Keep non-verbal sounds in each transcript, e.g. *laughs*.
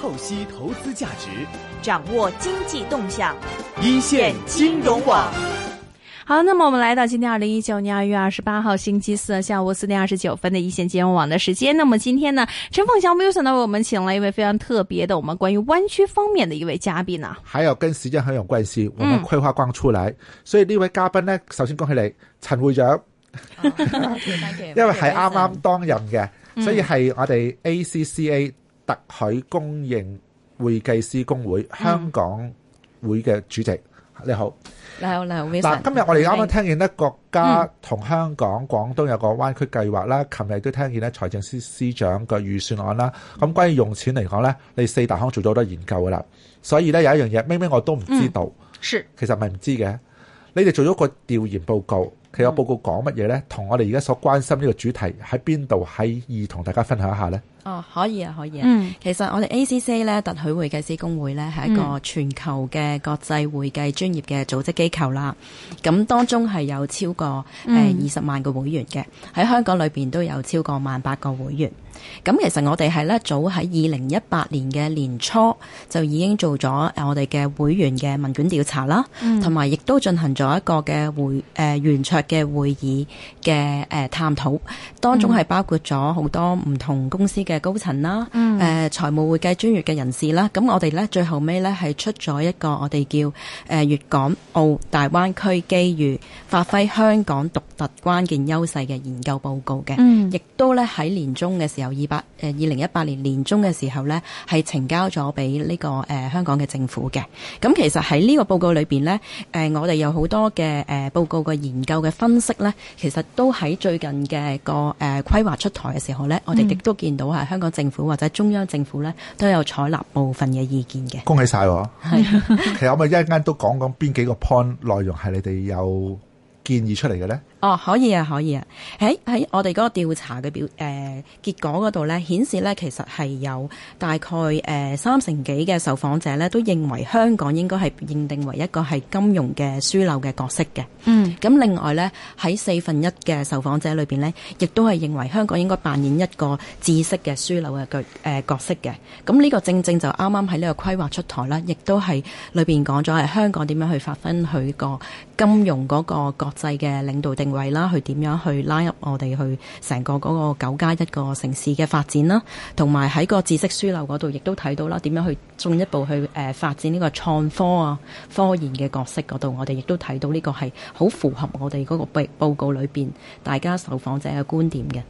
透析投資價值，掌握經濟動向。一線金融網。好，那麼我們來到今天二零一九年二月二十八號星期四下午四點二十九分的一線金融網的時間。那麼今天呢，陳鳳翔 Wilson 為我們請了一位非常特別的，我們關於灣區方面的一位嘉賓呢、啊。還有跟時間很有關係，我們規劃光出來。嗯、所以呢位嘉賓呢，首先恭喜你，陳會長、哦。 *laughs* 因為係啱啱當任嘅、嗯，所以係我哋 ACCA。特許公認會計師公會香港會嘅主席、嗯，你好，你、嗯、好，你好，今日我哋啱啱聽見呢國家同香港、廣東有個灣區計劃啦。琴日都聽見咧，財政司司長嘅預算案啦。咁關於用錢嚟講咧，你四大行做咗好多研究噶啦。所以咧有一樣嘢，明明我都唔知道，嗯、是其實唔係唔知嘅。你哋做咗個調研報告。佢有報告講乜嘢呢？同我哋而家所關心呢個主題喺邊度？喺意同大家分享一下呢？哦，可以啊，可以啊。嗯，其實我哋 ACCA 咧，特許會計師公會咧，係一個全球嘅國際會計專業嘅組織機構啦。咁當中係有超過誒二十萬個會員嘅，喺、嗯、香港裏面都有超過萬八個會員。咁其實我哋係咧早喺二零一八年嘅年初就已經做咗誒我哋嘅會員嘅問卷調查啦，同埋亦都進行咗一個嘅會誒圓桌嘅會議嘅誒、呃、探討，當中係包括咗好多唔同公司嘅高層啦，誒、嗯、財、呃、務會計專業嘅人士啦。咁、嗯、我哋咧最後尾咧係出咗一個我哋叫誒粵、呃、港澳大灣區機遇發揮香港獨特關鍵優勢嘅研究報告嘅，嗯，亦都咧喺年中嘅時候。二百誒，二零一八年年中嘅時候呢，係呈交咗俾呢個誒、呃、香港嘅政府嘅。咁其實喺呢個報告裏邊呢，誒、呃、我哋有好多嘅誒、呃、報告嘅研究嘅分析呢，其實都喺最近嘅個誒規劃出台嘅時候呢，我哋亦都見到係香港政府或者中央政府呢，都有採納部分嘅意見嘅。恭喜晒！係其實我咪可以一陣間都講講邊幾個 point 內容係你哋有建議出嚟嘅呢？哦，可以啊，可以啊。喺、喺，喺、喺，我哋嗰個調查嘅表誒、呃、結果嗰度咧，顯示咧其實係有大概誒三、呃、成幾嘅受訪者咧，都認為香港應該係認定為一個係金融嘅樞紐嘅角色嘅。嗯。咁另外咧，喺四分一嘅受訪者裏邊咧，亦都係認為香港應該扮演一個知識嘅樞紐嘅角角色嘅。咁呢個正正就啱啱喺呢個規劃出台啦，亦都係裏邊講咗係香港點樣去發揮佢個金融嗰個國際嘅領導定。為啦，去點樣去拉入我哋去成個嗰個九加一個城市嘅發展啦，同埋喺個知識樞紐嗰度，亦都睇到啦，點樣去進一步去誒發展呢個創科啊科研嘅角色嗰度，我哋亦都睇到呢個係好符合我哋嗰個報報告裏邊大家受訪者嘅觀點嘅。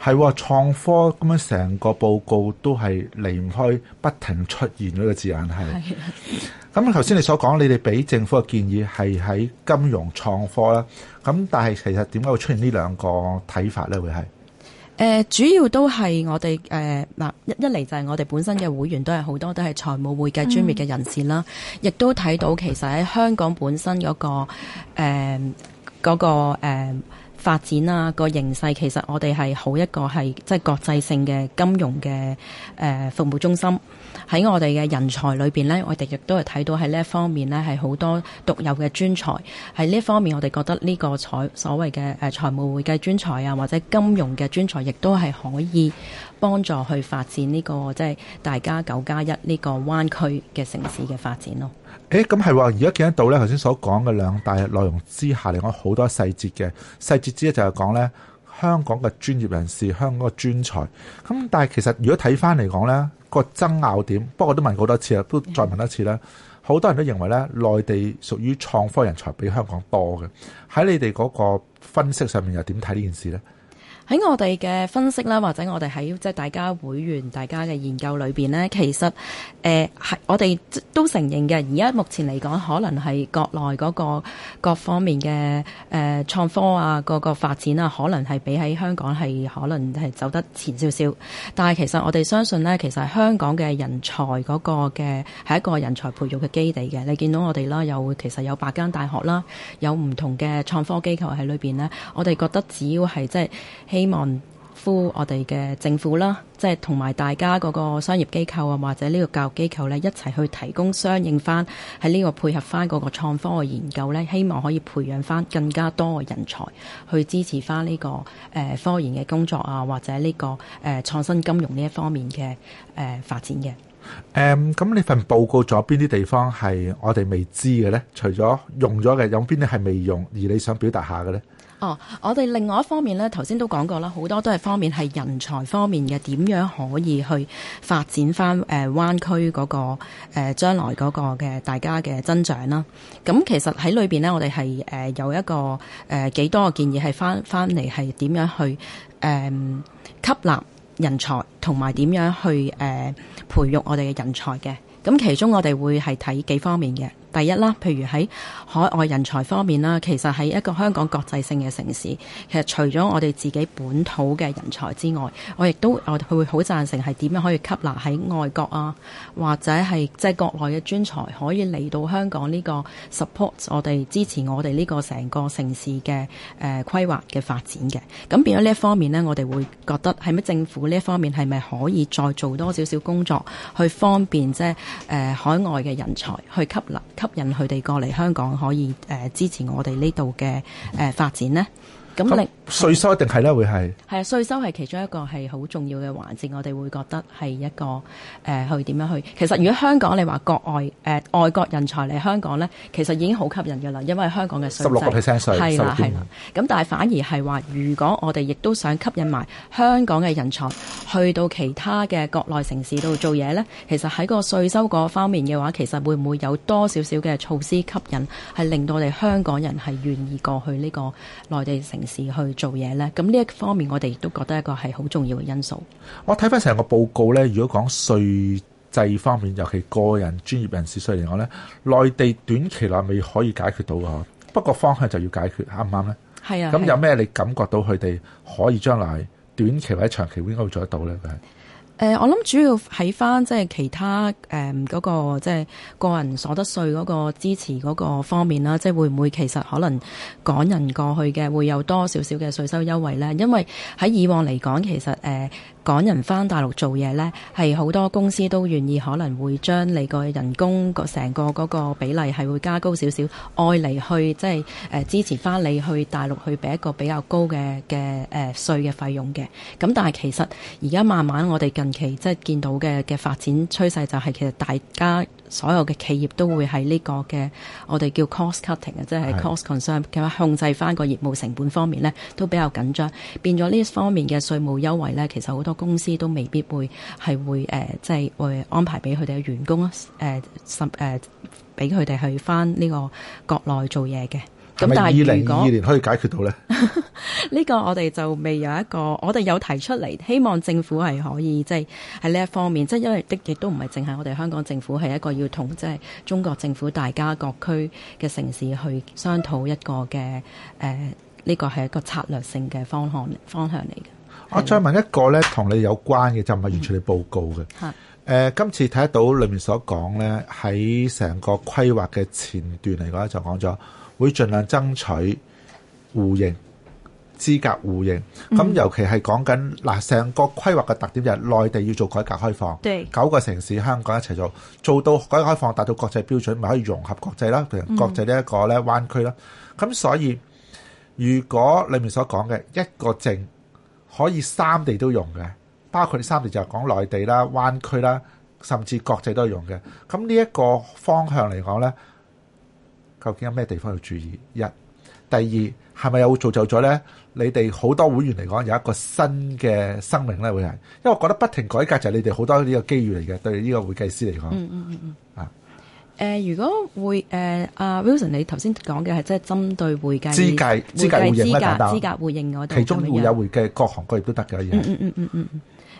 係啊，創科咁樣成個報告都係離唔開不停出現嗰個字眼係。 *laughs* 咁頭先你所講，你哋俾政府嘅建議係喺金融創科啦。咁但係其實點解會出現呢兩個睇法咧？會、呃、係主要都係我哋誒嗱，一嚟就係我哋本身嘅會員都係好多都係財務會計專業嘅人士啦，亦、嗯、都睇到其實喺香港本身嗰、個誒嗰、呃個、呃發展啊、那個形勢，其實我哋係好一個係即係國際性嘅金融嘅誒、呃、服務中心。喺我哋嘅人才裏邊呢，我哋亦都係睇到喺呢一方面呢，係好多獨有嘅專才。喺呢一方面，我哋覺得呢個財所謂嘅、呃、財務會計專才啊，或者金融嘅專才，亦都係可以幫助去發展呢、這個即係、就是、大家九加一呢個灣區嘅城市嘅發展咯。誒、欸，咁係喎，而家見得到咧，頭先所講嘅兩大內容之下，嚟講好多細節嘅細節之一就係講咧香港嘅專業人士，香港嘅專才。咁但係其實如果睇翻嚟講咧、個爭拗點，不過我都問好多次啦，都再問多次啦。嗯、好多人都認為咧，內地屬於創科人才比香港多嘅。喺你哋嗰個分析上面又點睇呢件事咧？喺我哋嘅分析啦，或者我哋喺即係大家會員大家嘅研究裏邊咧，其實誒係、呃、我哋都承認嘅。而家目前嚟講可能係國內嗰個各方面嘅誒創科啊，嗰個發展啊，可能係比喺香港係可能係走得前少少。但係其實我哋相信咧，其實香港嘅人才嗰個嘅係一個人才培育嘅基地嘅。你見到我哋啦，有其實有八間大學啦，有唔同嘅創科機構喺裏邊咧。我哋覺得只要係即係。就是希望呼我哋嘅政府啦，即係同埋大家嗰個商業機構啊，或者呢個教育機構咧，一齊去提供相應翻喺呢個配合翻嗰個創科嘅研究咧，希望可以培養翻更加多嘅人才去支持翻呢個誒科研嘅工作啊，或者呢個誒創新金融呢一方面嘅誒發展嘅。誒、嗯。咁你份報告仲有邊啲地方係我哋未知嘅咧？除咗用咗嘅，有邊啲係未用？而你想表達下嘅咧？哦，我哋另外一方面咧，頭先都講過啦，好多都係方面係人才方面嘅，點樣可以去發展翻誒灣區嗰個誒將來嗰個嘅大家嘅增長啦。咁其實喺裏面咧，我哋係誒有一個誒幾多個建議係翻翻嚟係點樣去誒吸納人才，同埋點樣去誒培育我哋嘅人才嘅。咁其中我哋會係睇幾方面嘅。第一啦，譬如喺海外人才方面啦，其實係一個香港國際性嘅城市。其實除咗我哋自己本土嘅人才之外，我亦都我佢會好贊成係點樣可以吸納喺外國啊，或者係即係國內嘅專才可以嚟到香港呢個 support 我哋支持我哋呢個成個城市嘅誒規劃嘅發展嘅。咁變咗呢一方面咧，我哋會覺得係咪政府呢一方面係咪可以再做多少少工作，去方便即係誒海外嘅人才去吸納。吸引佢哋過嚟香港，可以誒、呃、支持我哋呢度嘅誒發展咧。咁你稅收一定係啦？會係係啊，稅收係其中一個係好重要嘅環節，我哋會覺得係一個誒去點樣去。其實如果香港你話國外誒外國人才嚟香港咧，其實已經好吸引嘅啦，因為香港嘅稅收十六個 percent 稅係啦，係啦。咁但係反而係話，如果我哋亦都想吸引埋香港嘅人才去到其他嘅國內城市度做嘢咧，其實喺個稅收嗰方面嘅話，其實會唔會有多少少嘅措施吸引，係令到我哋香港人係願意過去呢個內地城？時去做嘢咧，咁呢一方面我哋亦都覺得一個係好重要嘅因素。我睇翻成個報告咧，如果講稅制方面，尤其個人專業人士稅嚟講咧，內地短期內未可以解決到嘅，不過方向就要解決，啱唔啱咧？係啊。咁、啊、有咩你感覺到佢哋可以將來短期或者長期應該會歐做得到咧？誒、嗯，我諗主要喺翻即係其他誒嗰、嗯那個即係個人所得稅嗰個支持嗰個方面啦，即係會唔會其實可能港人過去嘅會有多少少嘅稅收優惠咧？因為喺以往嚟講，其實誒、呃、港人翻大陸做嘢咧，係好多公司都願意可能會將你個人工個成個嗰個比例係會加高少少，愛嚟去即係誒、呃、支持翻你去大陸去俾一個比較高嘅嘅誒稅嘅費用嘅。咁但係其實而家慢慢我哋近其即係見到嘅嘅發展趨勢就係其實大家所有嘅企業都會喺呢個嘅我哋叫 cost cutting 啊，即係 cost concern，嘅話控制翻個業務成本方面咧，都比較緊張，變咗呢一方面嘅稅務優惠咧，其實好多公司都未必會係會誒、呃，即係會安排俾佢哋嘅員工誒甚誒俾佢哋去翻呢個國內做嘢嘅。咁但係，二零二二年可以解決到咧，呢 *laughs* 個我哋就未有一個。我哋有提出嚟，希望政府係可以即係喺呢一方面。即係，因為的亦都唔係淨係我哋香港政府係一個要同即係中國政府、大家各區嘅城市去商討一個嘅誒呢個係一個策略性嘅方向方向嚟嘅。我再問一個咧，同你有關嘅就唔係完全你報告嘅、嗯呃。今次睇得到裏面所講咧，喺成個規劃嘅前段嚟講，就講咗。會盡量爭取互認資格、嗯，互認。咁尤其係講緊嗱，成個規劃嘅特點就係內地要做改革開放，九個城市、香港一齊做，做到改革開放達到國際標準，咪可以融合國際啦，譬如國際呢一個咧灣區啦。咁所以，如果裡面所講嘅一個證可以三地都用嘅，包括你三地就係講內地啦、灣區啦，甚至國際都用嘅。咁呢一個方向嚟講呢。究竟有咩地方要注意？一、第二係咪又造就咗咧？你哋好多會員嚟講，有一個新嘅生命咧，會係因為我覺得不停改革就係你哋好多呢個機遇嚟嘅，對呢個會計師嚟講。嗯嗯嗯嗯。啊，誒、呃，如果會誒、呃、啊 Wilson，你頭先講嘅係即係針對會計資格資格會認格，格會認，我哋其中會有會計各行各業都得嘅。一樣。嗯嗯嗯嗯嗯。誒、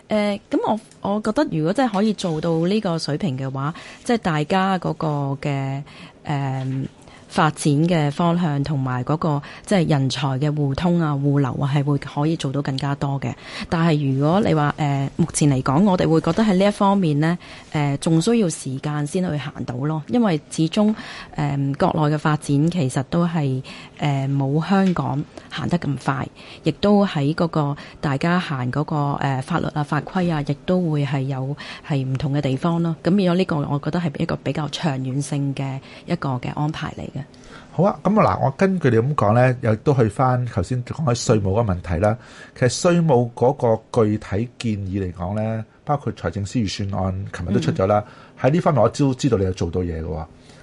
嗯，咁、嗯嗯呃、我我覺得如果真係可以做到呢個水平嘅話，即、就、係、是、大家嗰個嘅誒。嗯發展嘅方向同埋嗰個即係人才嘅互通啊、互流啊，係會可以做到更加多嘅。但係如果你話誒、呃、目前嚟講，我哋會覺得喺呢一方面呢，誒、呃、仲需要時間先去行到咯。因為始終誒、呃、國內嘅發展其實都係誒冇香港行得咁快，亦都喺嗰個大家行嗰、嗰個、呃、法律啊、法規啊，亦都會係有係唔同嘅地方咯。咁變咗呢個，我覺得係一個比較長遠性嘅一個嘅安排嚟嘅。好啊，咁啊嗱，我根據你咁講咧，又都去翻頭先講喺稅務個問題啦。其實稅務嗰個具體建議嚟講咧，包括財政司預算案，琴日都出咗啦。喺、嗯、呢方面，我都知道你有做到嘢嘅，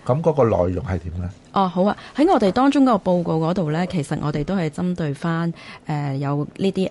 咁嗰個內容係點咧？哦，好啊！喺我哋當中個報告嗰度呢，其實我哋都係針對翻誒、呃、有呢啲誒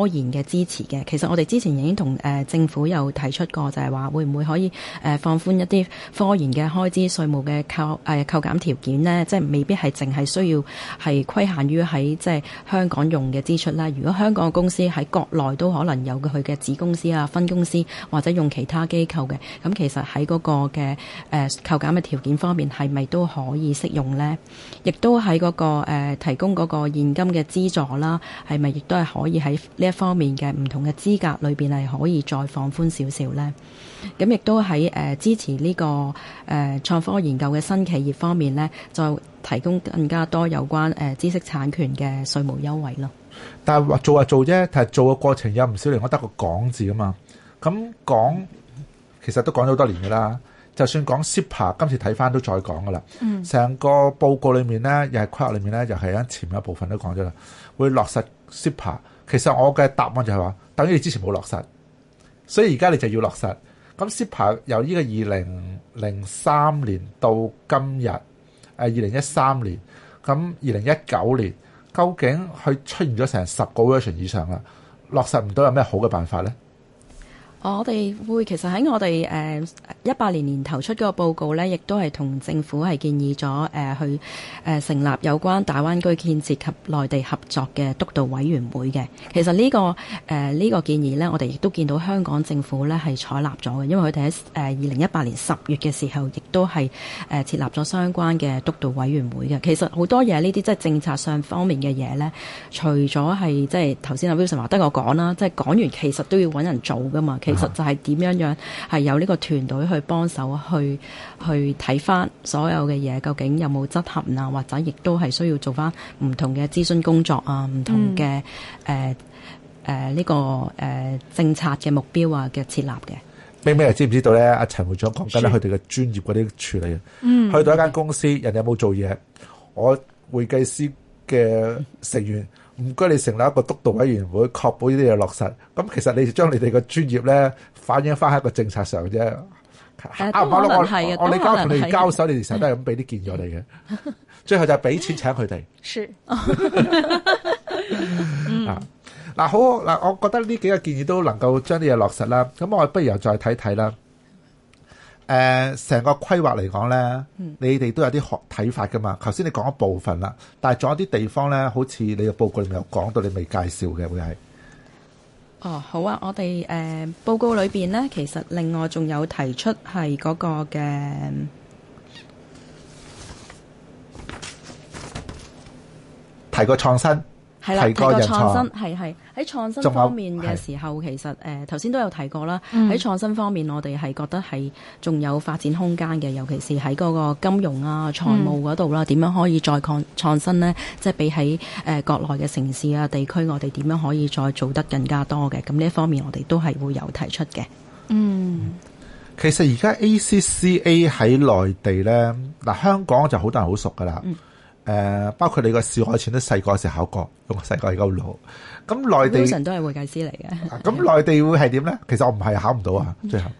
科研嘅支持嘅。其實我哋之前已經同誒、呃、政府有提出過就，就係話會唔會可以誒放寬一啲科研嘅開支稅務嘅扣、呃、扣減條件呢？即係未必係淨係需要係規限於喺即係香港用嘅支出啦。如果香港嘅公司喺國內都可能有佢嘅子公司啊、分公司或者用其他機構嘅，咁其實喺嗰個嘅、呃、扣減嘅條件方面，係咪都可以適用？用咧、那個，亦都喺嗰個誒提供嗰個現金嘅資助啦，係咪亦都係可以喺呢一方面嘅唔同嘅資格裏邊係可以再放寬少少咧？咁亦都喺誒、呃、支持呢、這個誒創、呃、科研究嘅新企業方面咧，就提供更加多有關誒、呃、知識產權嘅稅務優惠咯。但係做啊做啫，但係做嘅過程有唔少人，我得個講字啊嘛，咁講其實都講咗好多年噶啦。就算講 SIPA 今次睇翻都再講噶啦。嗯，成個報告裡面咧，又係規劃裡面咧，又係喺前一部分都講咗啦。會落實 SIPA 其實我嘅答案就係、是、話，等於你之前冇落實，所以而家你就要落實。咁 SIPA 由呢個二零零三年到今日，誒二零一三年，咁二零一九年，究竟佢出現咗成十個 version 以上啦，落實唔到有咩好嘅辦法咧？哦、我哋會其實喺我哋誒一八年年頭出嗰個報告呢亦都係同政府係建議咗誒、uh, 去誒成立有關大灣區建設及內地合作嘅督導委員會嘅。其實呢、呢個誒呢、uh, 個建議呢，我哋亦都見到香港政府呢係採納咗嘅，因為佢哋喺誒二零一八年十月嘅時候，亦都係誒、uh, 設立咗相關嘅督導委員會嘅。其實好多嘢呢啲即係政策上方面嘅嘢呢，除咗係即係頭先阿 Wilson 話得我講啦，即係講完其實都要揾人做噶嘛。其實就係點樣樣，係有呢個團隊去幫手去去睇翻所有嘅嘢，究竟有冇執行啊？或者亦都係需要做翻唔同嘅諮詢工作啊？唔同嘅誒誒呢個誒、呃、政策嘅目標啊嘅設立嘅。明明係知唔知道咧？阿、嗯、陳、啊、會長講緊咧，佢哋嘅專業嗰啲處理，嗯，去到一間公司，嗯、人哋有冇做嘢？我會計師嘅成員。唔該，你成立一個督導委員會，確保呢啲嘢落實。咁其實你將你哋嘅專業咧反映翻喺個政策上啫。啱唔啱？我我哋交同你交手，你哋成日都係咁俾啲建議我哋嘅。 *laughs* 最後就係俾錢請佢哋。是、 *laughs* *laughs* *laughs* 啊。嗱好嗱、啊，我覺得呢幾個建議都能夠將啲嘢落實啦。咁我哋不如又再睇睇啦。.誒、呃、成個規劃嚟講咧，你哋都有啲學睇法㗎嘛？頭先你講一部分啦，但仲有啲地方咧，好似你嘅報告入面有講到你未介紹嘅，會係？哦，好啊，我哋誒、呃、報告裏面咧，其實另外仲有提出係嗰個嘅提個創新。係啦，個創新係係喺創新方面嘅時候，其實誒頭先都有提過啦。喺、嗯、創新方面，我哋係覺得係仲有發展空間嘅，尤其是喺嗰個金融啊、財務嗰度啦，點樣可以再創創新呢？即係比喺誒、呃、國內嘅城市啊、地區，我哋點樣可以再做得更加多嘅？咁呢一方面，我哋都係會有提出嘅。嗯，其實而家 ACCA 喺內地呢，嗱、呃、香港就好多人好熟噶啦。嗯誒、uh，包括你個小海泉都細個時候考過，咁細個而家好老。咁內地、Evolution、都係會計師嚟嘅。咁內地會係點咧？ *laughs* 其實我唔係考唔到啊，最後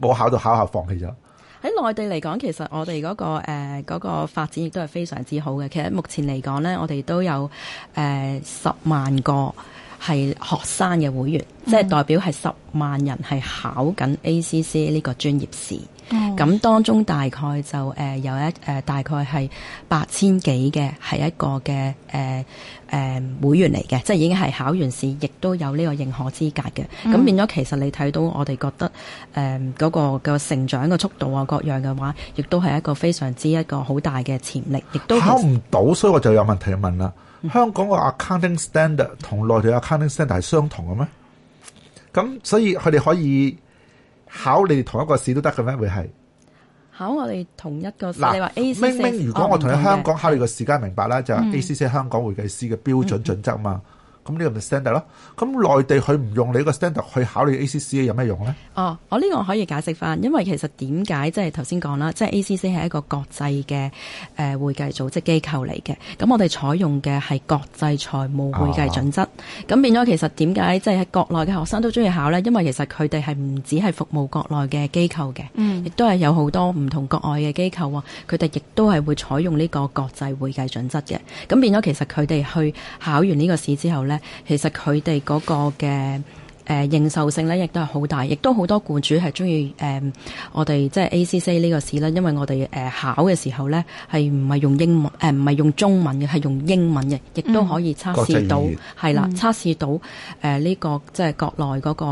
冇考到，考下，放棄咗。喺 *laughs* 內地嚟講，其實我哋嗰、那個誒嗰、呃那個、發展亦都係非常之好嘅。其實目前嚟講咧，我哋都有誒十、呃、萬個係學生嘅會員，即 *laughs* 係代表係十萬人係考緊 ACCA 呢個專業試。咁當中大概就誒有一誒大概係八千幾嘅係一個嘅誒誒會員嚟嘅，即係已經係考完試，亦都有呢個認可資格嘅。咁、嗯、變咗其實你睇到我哋覺得誒嗰、呃嗰個嗰個成長嘅速度啊，各樣嘅話，亦都係一個非常之一個好大嘅潛力。考唔到，所以我就有問題問啦。香港嘅 accounting standard 同內地 accounting standard 係相同嘅咩？咁所以佢哋可以。考你哋同一個試都得嘅咩？會係考我哋同一個嗱，你話 ACC, 明明如果我同你香港考慮個時間，明白啦，就係 A C C 香港會計師嘅標準準則嘛。嗯咁呢個咪 standard 咯？咁內地佢唔用你個 standard 去考你 A.C.C. 有咩用咧？哦，我呢個可以解釋翻，因為其實點解即係頭先講啦，即係 A.C.C. 係一個國際嘅誒會計組織機構嚟嘅。咁我哋採用嘅係國際財務會計準則，咁、啊、變咗其實點解即係國內嘅學生都中意考咧？因為其實佢哋係唔止係服務國內嘅機構嘅，嗯，亦都係有好多唔同國外嘅機構，喎，佢哋亦都係會採用呢個國際會計準則嘅。咁變咗其實佢哋去考完呢個試之後咧。其實，佢哋嗰個嘅。誒、呃、認受性咧，亦都係好大，亦都好多僱主係中意誒，我哋即係 A C C 呢個試啦，因為我哋誒、呃、考嘅時候咧，係唔係用英文誒，唔、呃、係用中文嘅，係用英文嘅，亦都可以測試到，係、嗯、啦，測試到誒呢、呃這個即係國內嗰、那個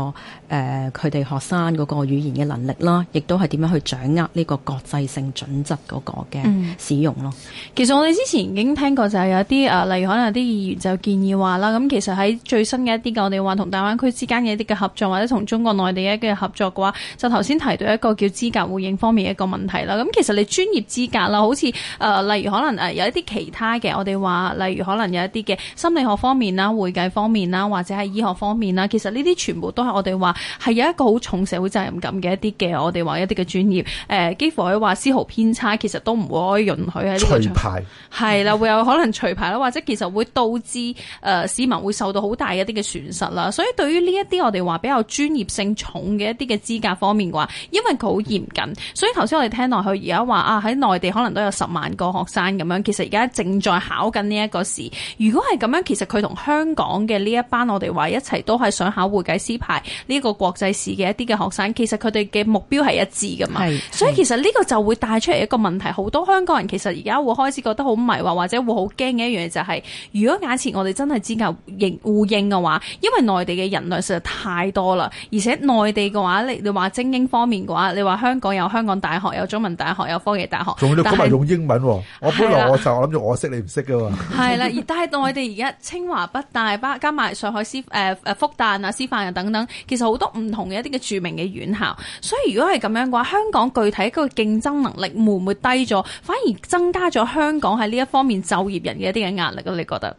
佢哋、呃、學生嗰個語言嘅能力啦，亦都係點樣去掌握呢個國際性準則嗰個嘅使用咯、嗯。其實我哋之前已經聽過，就係有啲誒，例如可能有啲議員就建議話啦，咁其實喺最新嘅一啲我哋話同大灣區之間。一啲嘅合作或者同中國內地一嘅合作嘅話，就頭先提到一個叫資格互認方面一個問題啦。咁其實你專業資格啦，好似誒例如可能誒有一啲其他嘅，我哋話例如可能有一啲嘅心理學方面啦、會計方面啦，或者係醫學方面啦。其實呢啲全部都係我哋話係有一個好重社會責任感嘅一啲嘅，我哋話一啲嘅專業誒、呃，幾乎可以話絲毫偏差，其實都唔會允許喺度。除牌係啦，會有可能除牌啦，或者其實會導致誒、呃、市民會受到好大一啲嘅損失啦。所以對於呢一啲我哋話比較專業性重嘅一啲嘅資格方面嘅話，因為佢好嚴謹，所以頭先我哋聽落去而家話啊喺內地可能都有十萬個學生咁樣，其實而家正在考緊呢一個試。如果係咁樣，其實佢同香港嘅呢一班我哋話一齊都係想考會計師牌呢個國際試嘅一啲嘅學生，其實佢哋嘅目標係一致噶嘛。是是，所以其實呢個就會帶出嚟一個問題，好多香港人其實而家會開始覺得好迷惑，或者會好驚嘅一樣嘢就係、是，如果假設我哋真係資格互應呼應嘅話，因為內地嘅人量實太多啦，而且內地嘅話，你你話精英方面嘅話，你話香港有香港大學，有中文大學，有科技大學，仲要講埋用英文喎、啊。我本來我就諗住我，我識你唔識嘅喎、啊。係啦，而但係內地而家清華、北大，加埋上，上海師誒誒復旦啊、師範啊等等，其實好多唔同嘅一啲嘅著名嘅院校。所以如果係咁樣嘅話，香港具體嗰個競爭能力會唔會低咗？反而增加咗香港喺呢一方面就業人嘅一啲嘅壓力咧？你覺得？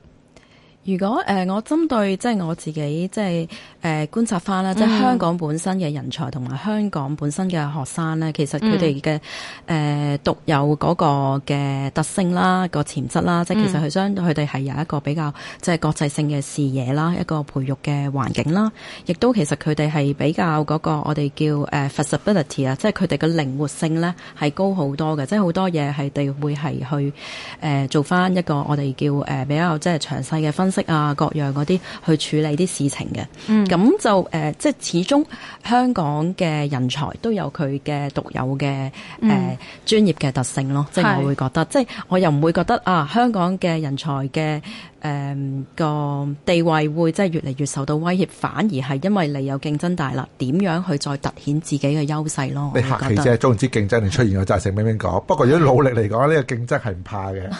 如果誒、呃、我針對即係我自己即係誒觀察翻啦、嗯，即係香港本身嘅人才同埋香港本身嘅學生咧，其實佢哋嘅誒獨有嗰個嘅特性啦、個潛質啦，即係其實佢相佢哋係有一個比較即係國際性嘅視野啦，一個培育嘅環境啦，亦都其實佢哋係比較嗰、嗰個我哋叫誒 flexibility 啊，即係佢哋嘅靈活性咧係高好多嘅，即係好多嘢係哋會係去誒、呃、做翻一個我哋叫誒、呃、比較即係詳細嘅分析。識啊，各樣嗰啲去處理啲事情嘅，咁、嗯、就誒，即、呃、係始終香港嘅人才都有佢嘅獨有嘅誒專業嘅特性咯。即係我會覺得，即係我又唔會覺得啊，香港嘅人才嘅誒、呃、個地位會即係越嚟越受到威脅，反而係因為你有競爭大啦，點樣去再凸顯自己嘅優勢咯？你客氣啫，總 *laughs* 之競爭你出現個真實性明唔明講？不過如果努力嚟講，呢、這個競爭係唔怕嘅。 *laughs*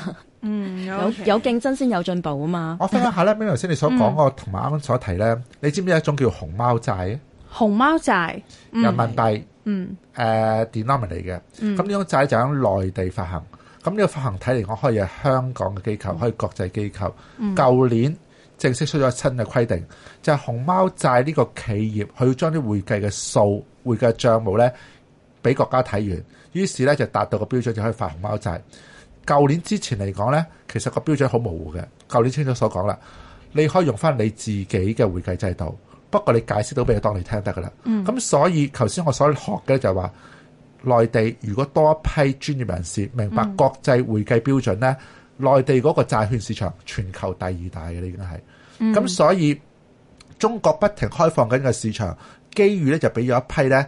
嗯，有、okay. 有競爭先有進步啊嘛！我分享下咧，咁頭先你所講嗰個同埋啱啱所提咧，你知唔知一種叫熊貓債？熊貓債，人民幣，嗯，誒、uh，denominate 嘅。咁呢種債就喺內地發行，咁呢個發行體嚟，我可以係香港嘅機構，嗯、可以國際機構。舊、嗯、年正式出咗新嘅規定，就係、是、熊貓債呢個企業，佢要將啲會計嘅數、會計嘅帳目咧，俾國家睇完，於是咧就達到個標準就可以發熊貓債。舊年之前嚟講呢，其實個標準好模糊嘅。舊年清楚所講啦，你可以用翻你自己嘅會計制度，不過你解釋到俾我當你聽得噶啦。咁、嗯、所以頭先我所學嘅就係話，內地如果多一批專業人士明白國際會計標準呢，嗯、內地嗰個債券市場全球第二大嘅，已經係。咁所以中國不停開放緊個市場，機遇呢就俾咗一批呢，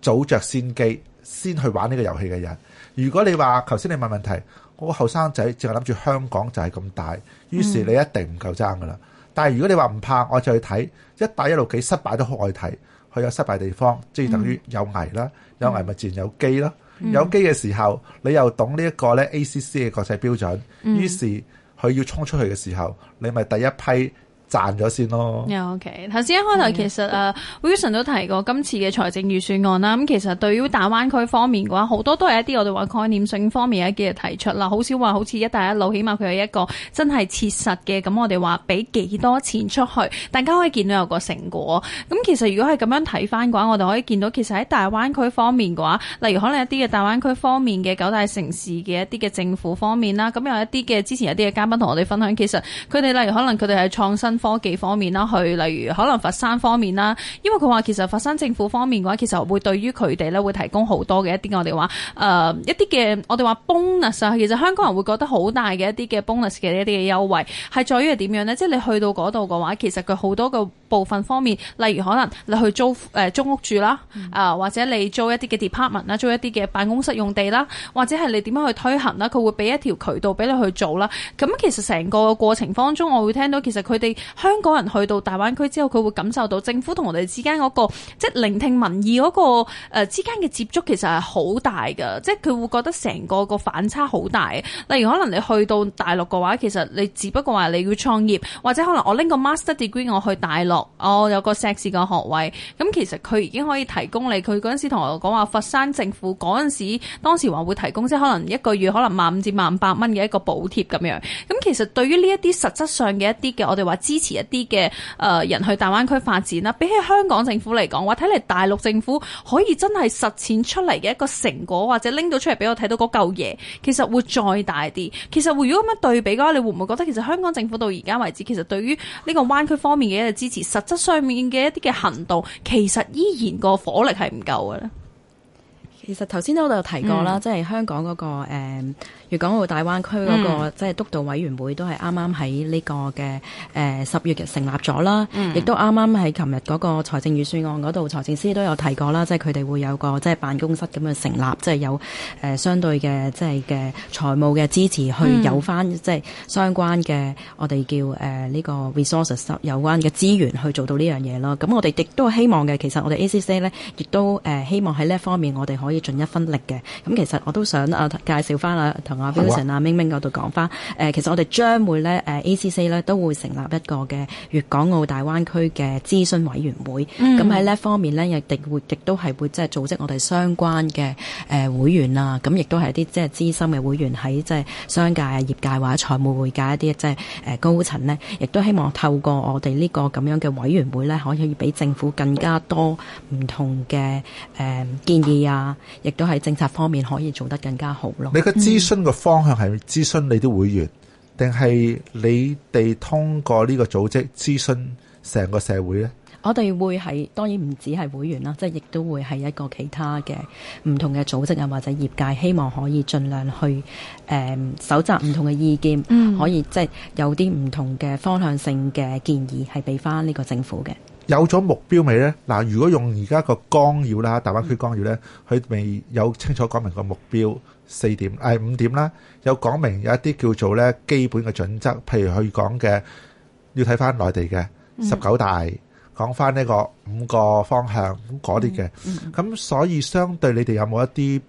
早着先機先去玩呢個遊戲嘅人。如果你話頭先你問問題，我個後生仔淨係諗住香港就係咁大，於是你一定唔夠爭噶啦、嗯。但係如果你話唔怕，我就去睇一帶一路幾失敗都好愛睇，去有失敗地方，即、嗯、係、就是、等於有危啦。有危咪自然有機囉。有機嘅時候，你又懂呢一個咧 ACCA 嘅國際標準，於是佢要衝出去嘅時候，你咪第一批。賺咗先咯。Yeah, OK，頭先一開頭其實誒 Wilson、uh, 都提過今次嘅財政預算案啦。咁其實對於大灣區方面嘅話，好多都係一啲我哋話概念性方面嘅嘢提出啦。少好少話好似一帶一路，起碼佢係一個真係切實嘅。咁我哋話俾幾多錢出去，大家可以見到有個成果。咁其實如果係咁樣睇翻嘅話，我哋可以見到其實喺大灣區方面嘅話，例如可能一啲嘅大灣區方面嘅九大城市嘅一啲嘅政府方面啦，咁有一啲嘅之前有啲嘅嘉賓同我哋分享，其實佢哋例如可能佢哋係創新。科技方面啦，去例如可能佛山方面啦，因為佢話其實佛山政府方面嘅話，其實會對於佢哋咧會提供好多嘅一啲我哋話誒一啲嘅我哋話 bonus 啊，其實香港人會覺得好大嘅一啲嘅 bonus 嘅一啲嘅優惠係在於點樣咧？即係你去到嗰度嘅話，其實佢好多嘅部分方面，例如可能你去租誒、呃、租屋住啦，啊、呃、或者你租一啲嘅 department 啦，租一啲嘅辦公室用地啦，或者係你點樣去推行啦，佢會俾一條渠道俾你去做啦。咁其實成個過程當中，我會聽到其實佢哋。香港人去到大灣區之後，佢會感受到政府同我哋之間嗰個即係聆聽民意嗰個誒、呃、之間嘅接觸其實係好大嘅。即係佢會覺得成個個反差好大。例如可能你去到大陸嘅話，其實你只不過話你要創業，或者可能我拎個 master degree 我去大陸我有個碩士嘅學位。咁其實佢已經可以提供你，佢嗰陣時同我講話佛山政府嗰陣時當時話會提供，即係可能一個月可能萬五至萬八蚊嘅一個補貼咁樣，咁其實對於呢一啲實質上嘅一啲嘅我哋話。支持一啲嘅誒人去大灣區發展啦，比起香港政府嚟講話，睇嚟大陸政府可以真係實踐出嚟嘅一個成果，或者拎到出嚟俾我睇到嗰嚿嘢，其實會再大啲。其實會如果咁樣對比嘅話，你會唔會覺得其實香港政府到而家為止，其實對於呢個灣區方面嘅一個支持，實質上面嘅一啲嘅行動，其實依然個火力係唔夠嘅咧？其實頭先我有提過啦，mm. 即係香港嗰、那個誒、uh, 粵港澳大灣區嗰、那個、mm. 即係督導委員會都剛剛、這個，都係啱啱喺呢個嘅誒十月嘅成立咗啦。亦、mm. 都啱啱喺琴日嗰個財政預算案嗰度，財政司都有提過啦，即係佢哋會有個即係辦公室咁嘅成立，即、就、係、是、有誒、呃、相對嘅即係嘅財務嘅支持去有翻、mm. 即係相關嘅我哋叫誒呢、uh, 個 resources 有關嘅資源去做到呢樣嘢咯。咁我哋亦都希望嘅，其實我哋 ACCA 咧亦都誒、呃、希望喺呢一方面，我哋可以。要盡一分力嘅，咁其實我都想啊介紹返啊，同阿 Billson 啊、Ming Ming 嗰度講返。誒，其實我哋、啊、將會咧，誒 ACC 咧都會成立一個嘅粵港澳大灣區嘅諮詢委員會。咁喺呢一方面咧，亦都會亦都係會即係組織我哋相關嘅誒會員啊。咁亦都係啲即係資深嘅會員喺即係商界啊、業界或者財務會界一啲即係誒高層咧，亦都希望透過我哋呢個咁樣嘅委員會咧，可以俾政府更加多唔同嘅誒建議啊。嗯亦都喺政策方面可以做得更加好咯。你嘅諮詢嘅方向係諮詢你啲會員，定、嗯、係你哋通過呢個組織諮詢成個社會咧？我哋會係當然唔止係會員啦，即係亦都會係一個其他嘅唔同嘅組織啊，或者業界，希望可以盡量去誒、呃、搜集唔同嘅意見、嗯，可以即係有啲唔同嘅方向性嘅建議，係俾翻呢個政府嘅。有咗目標未呢？嗱，如果用而家個綱要啦，大灣區綱要呢，佢、嗯、未有清楚講明個目標四點，誒、哎、五點啦，有講明有一啲叫做呢基本嘅準則，譬如佢講嘅要睇翻內地嘅十九大講翻呢個五個方向嗰啲嘅，咁、嗯嗯、所以相對你哋有冇一啲？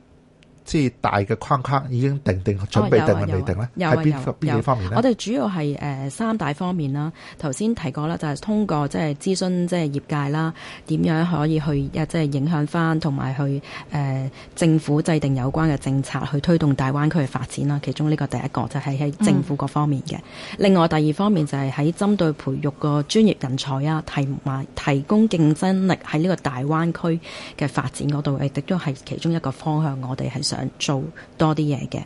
即係大嘅框框已經定定準備，定定未定咧？係邊個、邊幾方面咧？我哋主要係誒三大方面啦。頭先提過啦，就係通過即係諮詢即係業界啦，點樣可以去一即係影響翻同埋去誒政府制定有關嘅政策，去推動大灣區嘅發展啦。其中呢個第一個就係、是、喺政府各方面嘅、嗯。另外第二方面就係喺針對培育個專業人才啊，提埋提供競爭力喺呢個大灣區嘅發展嗰度，亦都係其中一個方向。我哋係。想做多啲嘢嘅，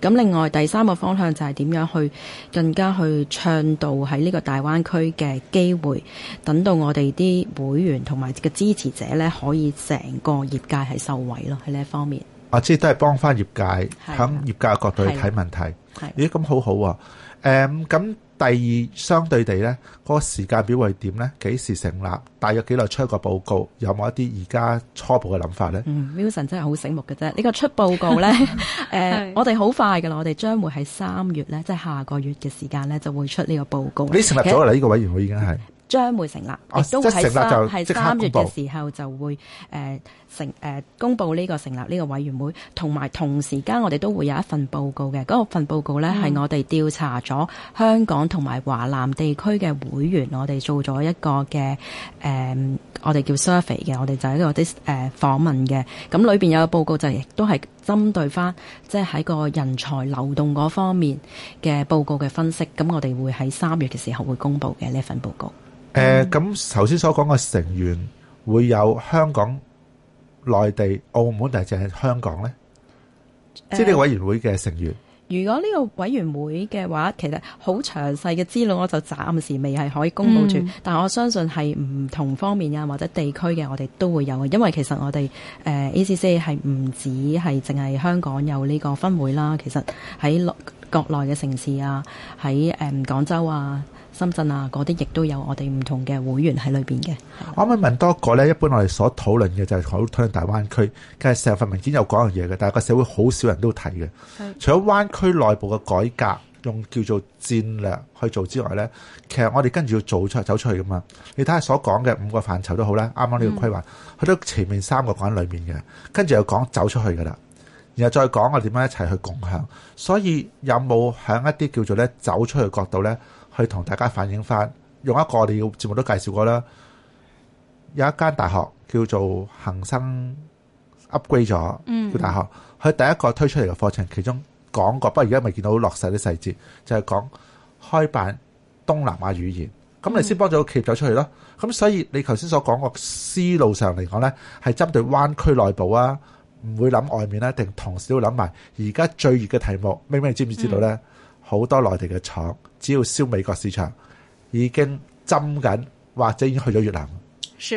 咁另外第三個方向就係點樣去更加去倡導喺呢個大灣區嘅機會，等到我哋啲會員同埋嘅支持者咧，可以成個業界係受惠咯，喺呢一方面。啊，即係都係幫翻業界，響業界的角度去睇問題，咦，咁好好啊！誒，um，咁。第二，相對地咧，嗰、那個時間表會點咧？幾時成立？大約幾耐出一個報告？有冇一啲而家初步嘅諗法咧？嗯，Wilson 真係好醒目嘅啫。呢、這個出報告咧，誒、 *laughs* 呃，我哋好快㗎啦，我哋將會喺三月咧，即、就、係、是、下個月嘅時間咧，就會出呢個報告。你成立咗喇，呢、okay. 個委員會已經係。將會成立，亦都喺三月嘅時候就會誒成誒公佈呢個成立呢個委員會，同埋同時間我哋都會有一份報告嘅。嗰份報告咧係我哋調查咗香港同埋華南地區嘅會員，我哋做咗一個嘅誒，我哋叫 survey 嘅，我哋就係嗰啲誒訪問嘅。咁裏邊有一個報告就亦都係針對翻，即係喺個人才流動嗰方面嘅報告嘅分析。咁我哋會喺三月嘅時候會公佈嘅呢份報告。誒、嗯，咁頭先所講嘅成員會有香港、內地、澳門，定係淨係香港呢？呃、即係委員會嘅成員。如果呢個委員會嘅話，其實好詳細嘅資料，我就暫時未係可以公布住，嗯。但我相信係唔同方面啊，或者地區嘅，我哋都會有嘅。因為其實我哋誒，ACCA 係唔止係淨係香港有呢個分會啦。其實喺國內嘅城市啊，喺誒廣州啊。深圳啊，嗰啲亦都有我哋唔同嘅會員喺裏面嘅。我可唔可以問多個咧？一般我哋所討論嘅就係討論大灣區，其實成份文件有講樣嘢嘅，但係個社會好少人都睇嘅。除咗灣區內部嘅改革，用叫做戰略去做之外咧，其實我哋跟住要做出走出去噶嘛。你睇下所講嘅五個範疇都好啦，啱啱呢個規劃，佢、嗯、都前面三個講喺裏面嘅，跟住又講走出去噶啦，然後再講我點樣一齊去共享。所以有冇喺一啲叫做咧走出去角度咧？去同大家反映返，用一個我哋嘅節目都介紹過啦。有一間大學叫做恒生 upgrade 咗個大學，佢、嗯、第一個推出嚟嘅課程，其中講過，不過而家未見到落實啲細節，就係、是、講開辦東南亞語言。咁你先幫咗個企業走出去咯。咁、嗯、所以你頭先所講個思路上嚟講咧，係針對灣區內部啊，唔會諗外面啦、啊。定同時會諗埋而家最熱嘅題目，咩咩？你知唔知道咧？嗯好多內地嘅廠，只要燒美國市場，已經針緊或者已經去咗越南。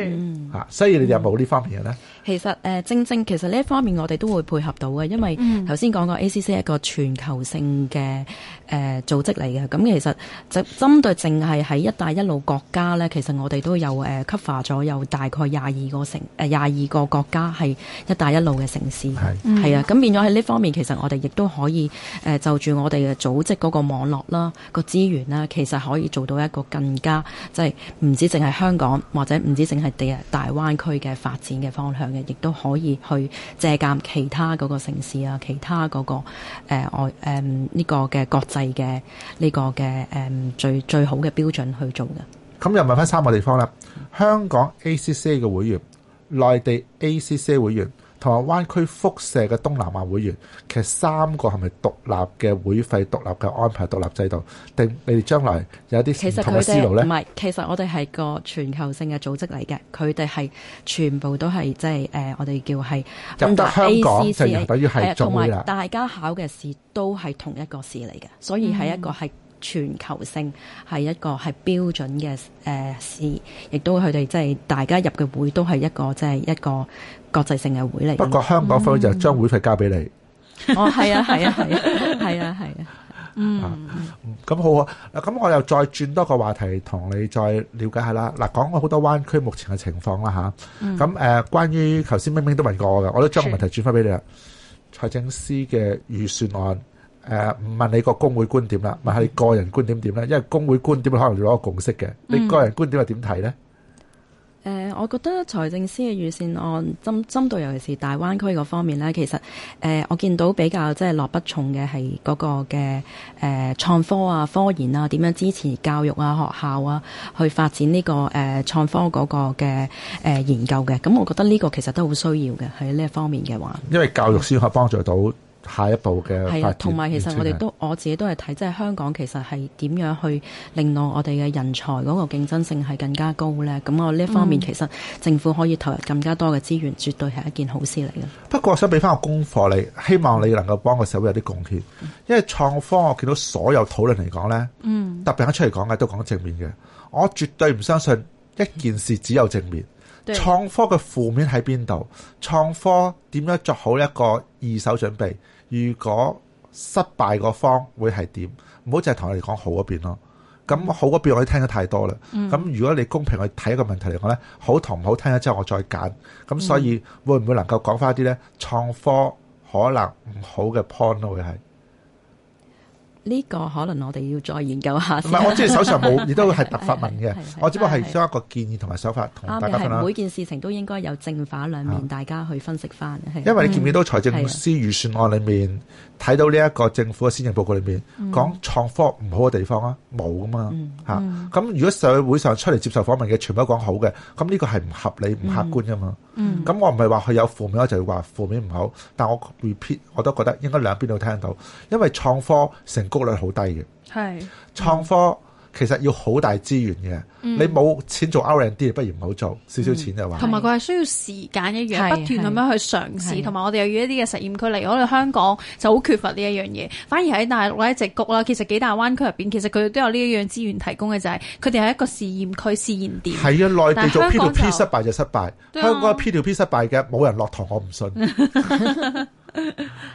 嗯，吓、嗯，所以你哋有冇呢方面嘅咧？其實誒、呃、正正其實呢一方面我哋都會配合到嘅，因為頭先講過 A C C 係一個全球性嘅誒、呃、組織嚟嘅，咁其實就針對淨係喺一帶一路國家咧，其實我哋都有誒 cover 咗有大概廿二個城，誒廿二個國家係一帶一路嘅城市，係啊，咁、嗯、變咗喺呢方面，其實我哋亦都可以誒、呃、就住我哋嘅組織嗰個網絡啦，個資源啦，其實可以做到一個更加即係唔止淨係香港，或者唔止。係地啊，大灣區嘅發展嘅方向嘅，亦都可以去借鑑其他嗰個城市啊，其他嗰、那個誒外誒呢個嘅國際嘅呢個嘅誒、嗯、最最好嘅標準去做嘅。咁又問翻三個地方啦，香港 ACCA 嘅會員，內地 ACCA 會員，大灣區輻射嘅東南亞會員，其實三個係咪獨立嘅會費、獨立嘅安排、獨立制度？定你哋將來有啲唔同嘅思路咧？唔係，其實我哋係個全球性嘅組織嚟嘅，佢哋係全部都係即係誒、呃，我哋叫係入、嗯、香港，就係等於係入大家考嘅試都係同一個試嚟嘅，所以係一個係。嗯全球性係一個係標準嘅誒事，亦、呃、都佢哋即係大家入嘅會都係一個即係一個國際性嘅會嚟。不過香港分會就將會費交俾你、嗯。哦，係啊，係啊，係啊，係 *laughs* 是啊， *laughs* 啊，嗯，咁好啊。嗱，咁我又再轉多個話題同你再了解下啦。嗱、啊，講咗好多灣區目前嘅情況啦吓，咁、啊、誒、嗯啊，關於頭先明明都問過我嘅，我都將個問題轉翻俾你啦。財政司嘅預算案。誒，唔問你個公會觀點啦，問下你個人觀點點啦？因為公會觀點可能要攞個共識嘅、嗯，你個人觀點又點睇呢？誒、uh,，我覺得財政司嘅預算案針對尤其是大灣區嗰方面呢，其實誒，uh, 我見到比較即係、就是、落筆重嘅係嗰個嘅誒，創、uh, 科啊、科研啊，點樣支持教育啊、學校啊，去發展呢、這個誒創、uh, 科嗰個嘅誒、uh, 研究嘅。咁我覺得呢個其實都好需要嘅，喺呢一方面嘅話，因為教育先可以幫助到。下一步嘅係同埋其實我哋都我自己都係睇，即係香港其實係點樣去令到我哋嘅人才嗰個競爭性係更加高咧？咁我呢方面、嗯、其實政府可以投入更加多嘅資源，絕對係一件好事嚟嘅。不過我想俾翻個功課你，希望你能夠幫個社會有啲貢獻，因為創科我見到所有討論嚟講咧、嗯，特別一出嚟講嘅都講正面嘅。我絕對唔相信一件事只有正面。創科嘅負面喺邊度？創科點樣作好一個二手準備？如果失敗嗰方會係點？唔好淨係同我哋講好嗰邊咯。咁好嗰邊我哋聽得太多啦。咁如果你公平去睇一個問題嚟講咧，好同唔好聽咗之後我再揀。咁所以會唔會能夠講翻啲咧創科可能唔好嘅 point 都會係？呢、這個可能我哋要再研究一下。唔係，我知手上冇，亦都係突發問嘅。是是是是是是我只不過係將一個建議同埋手法同大家分啦。是是是是每件事情都應該有正反兩面，大家去分析翻、啊啊啊嗯。因為你見唔見到財政司預算案裏面睇到呢一個政府嘅施政報告裏面講創科唔好嘅地方啊，冇噶嘛咁、嗯嗯嗯啊啊、如果社會上出嚟接受訪問嘅全部都講好嘅，咁呢個係唔合理、唔客觀噶嘛？嗯，咁我唔係話佢有負面，我就會話負面唔好，但我 repeat 我都覺得應該兩邊都聽到，因為創科成功率好低嘅，係，創科其實要好大資源嘅。你冇錢做 R and D，不如唔好做少少錢嘅話。同埋佢係需要時間一樣，不斷咁樣去嘗試，同埋我哋又要一啲嘅實驗區嚟。我哋香港就好缺乏呢一樣嘢，反而喺大陸咧、直谷啦。其實幾大灣區入邊，其實佢都有呢一樣資源提供嘅就係、是，佢哋係一個實驗區、試驗點。係啊，內地做 P 2 P 失敗就失敗，香港 P 2 P 失敗嘅冇、啊、人落堂，我唔信。 *laughs*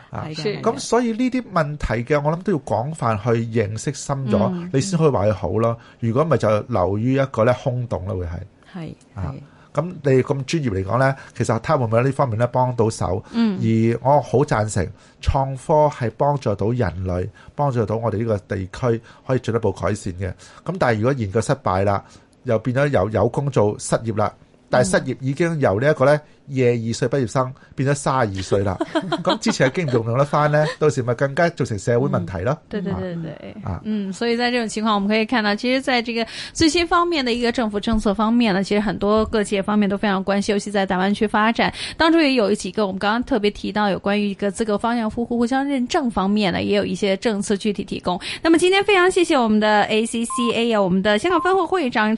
啊， *laughs* 咁所以呢啲問題嘅，我諗都要廣泛去認識深咗、嗯，你先可以話佢好咯。如果唔係就留於一個咧空洞啦，會係係啊。咁你咁專業嚟講咧，其實他會唔會喺呢方面咧幫到手？嗯。而我好贊成創科係幫助到人類，幫助到我哋呢個地區可以進一步改善嘅。咁但係如果研究失敗啦，又變咗有有工做失業啦。但失業已經由呢一個呢、嗯、廿二歲畢業生變咗卅二歲啦。咁、嗯嗯、之前嘅經驗用唔用得翻呢， *laughs* 到時咪更加造成社會問題咯、嗯。對對對對、啊，嗯，所以在這種情況，我們可以看到，其實在這個最新方面的一個政府政策方面呢，其實很多各界方面都非常關心，尤其在大灣區發展當中，也有幾個我們剛剛特別提到有關於一個資格方向互互互相認證方面呢，也有一些政策具體提供。那麼今天非常謝謝我們的 ACCA 呀，我們的香港分會會長。